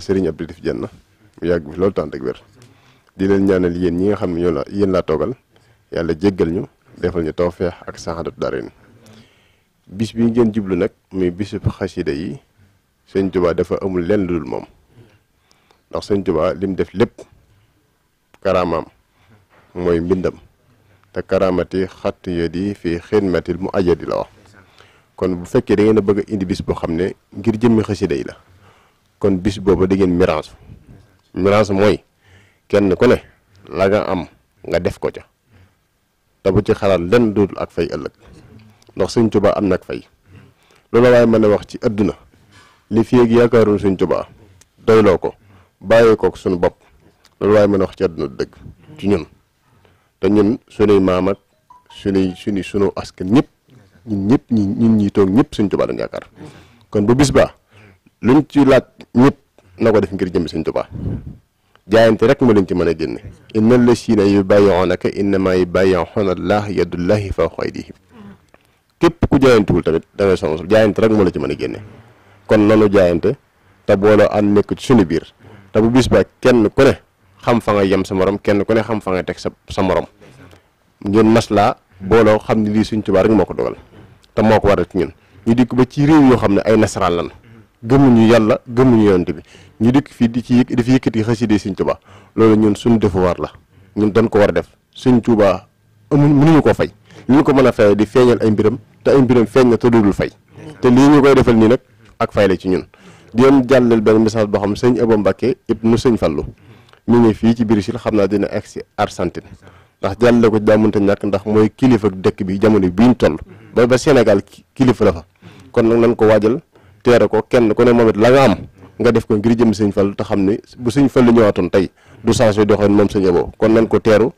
Serigne Abdou Latif Diène mu yàgg fi loolu tànt ak wér di ñaanal yéen ñi nga xam ne ñoo la yéen laa toogal yàlla jéggal ñu defal ñu tawfeex ak saxaadatu daarayni bis bi ngeen jublu nag muy bisub xasida yi sëñ Tuubaa dafa amul leen lu dul moom ndax sëñ Tuubaa lim def lépp karaamaam mooy mbindam te karaamati xatt yo di fii xidmatil mu ajadi la wax kon bu fekkee da ngeen a bëgg indi bis boo xam ne ngir jëmmi xasida yi la kon bis booba di ngeen miraas miraas mooy kenn ko ne la nga am nga def ko ca te bu ci xalaat lenn dootul ak fay ëllëg ndox sëñ Tuubaa am nag fay loolu waaye mën a wax ci àdduna li fi ak yaakaarul sëñ Tuubaa doyloo ko bàyyi kook suñu bopp loolu waaye mën a wax ci àdduna dëgg ci ñun te ñun sunuy maam ak sunuy sunu askan ñëpp ñun ñëpp ñi ñun ñi ñëpp sëñ Tuubaa dañ yaakaar kon bu bis baa luñ ci laaj ñëpp na ko def ngir jëm Sëñ Tuubaa jaayante rek ma leen ci mën a génne inna yi yubayyi'uunaka innamaa yubayyi'uuna llaah yadullaahi fawqa aydiihim képp ku jaayantewul tamit da ngay sama jaayante rek moo la ci mën a génne kon nanu jaayante te booloo ànd nekk ci suñu biir te bu bis ba kenn ku ne xam fa nga yem sa morom kenn ku ne xam fa nga teg sa sa morom nas maslaa booloo xam ne lii Sëñ Tuubaa rek moo ko dogal te moo ko waral ci ñun ñu dikk ba ci réew yoo xam ne ay nasaraan lan gëmuñu yàlla gëmuñu yonent bi ñu dikk fii di ci yëkk di fi yëkkati xaside Sëñ Tuubaa loolu ñun suñu defuwaar la ñun dañ ko war a def Sëñ Tuubaa amuñ mënuñu ko fay li ko mën a fay di feeñal ay mbiram te ay mbiram feeñ na te dudul fay te lii ñu koy defal nag ak fay la ci ñun di leen jàllal benn message boo xam sëñ Abo Mbacke ibnu sëñ Fallu mu ngi fii ci Brésil xam naa dina egg si Argentine ndax jàllale ko daa mënta ñàkk ndax mooy kilifa dëkk bi jamono bii ñu toll ba ba Sénégal kilifa la fa kon nag nañ ko waajal teere ko kenn ku ne moom it la nga am nga def ko ngir jëm sëñ Fallu te xam ni bu sëñ Fallu ñëwaatoon tey du chance yu doxoon moom sëñ Abo kon nañ ko teeru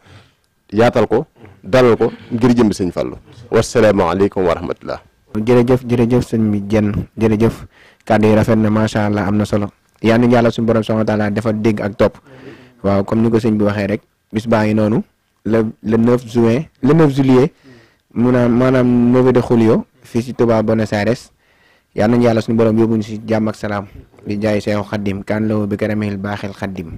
yaatal ko dalal ko ngir jëm sëñ Fallu wasalaamaaleykum wa rahmatullah jërëjëf jërëjëf sëñ bi jenn jërëjëf kàddu yi rafet na macha am na solo yaa ngi yàlla suñu borom subhaanahu wa taala dafa dégg ak topp waaw comme ni ko sëñ bi waxee rek bis baa ngi noonu la le 9 juin la 9 juillet mu naan maanaam 9 de julio fii si yal nañu yàlla suñu borom yóbbuñu si jàmm ak salaam di jaay seexu xaddim kaan lawo bi karamihil baaxil xaddim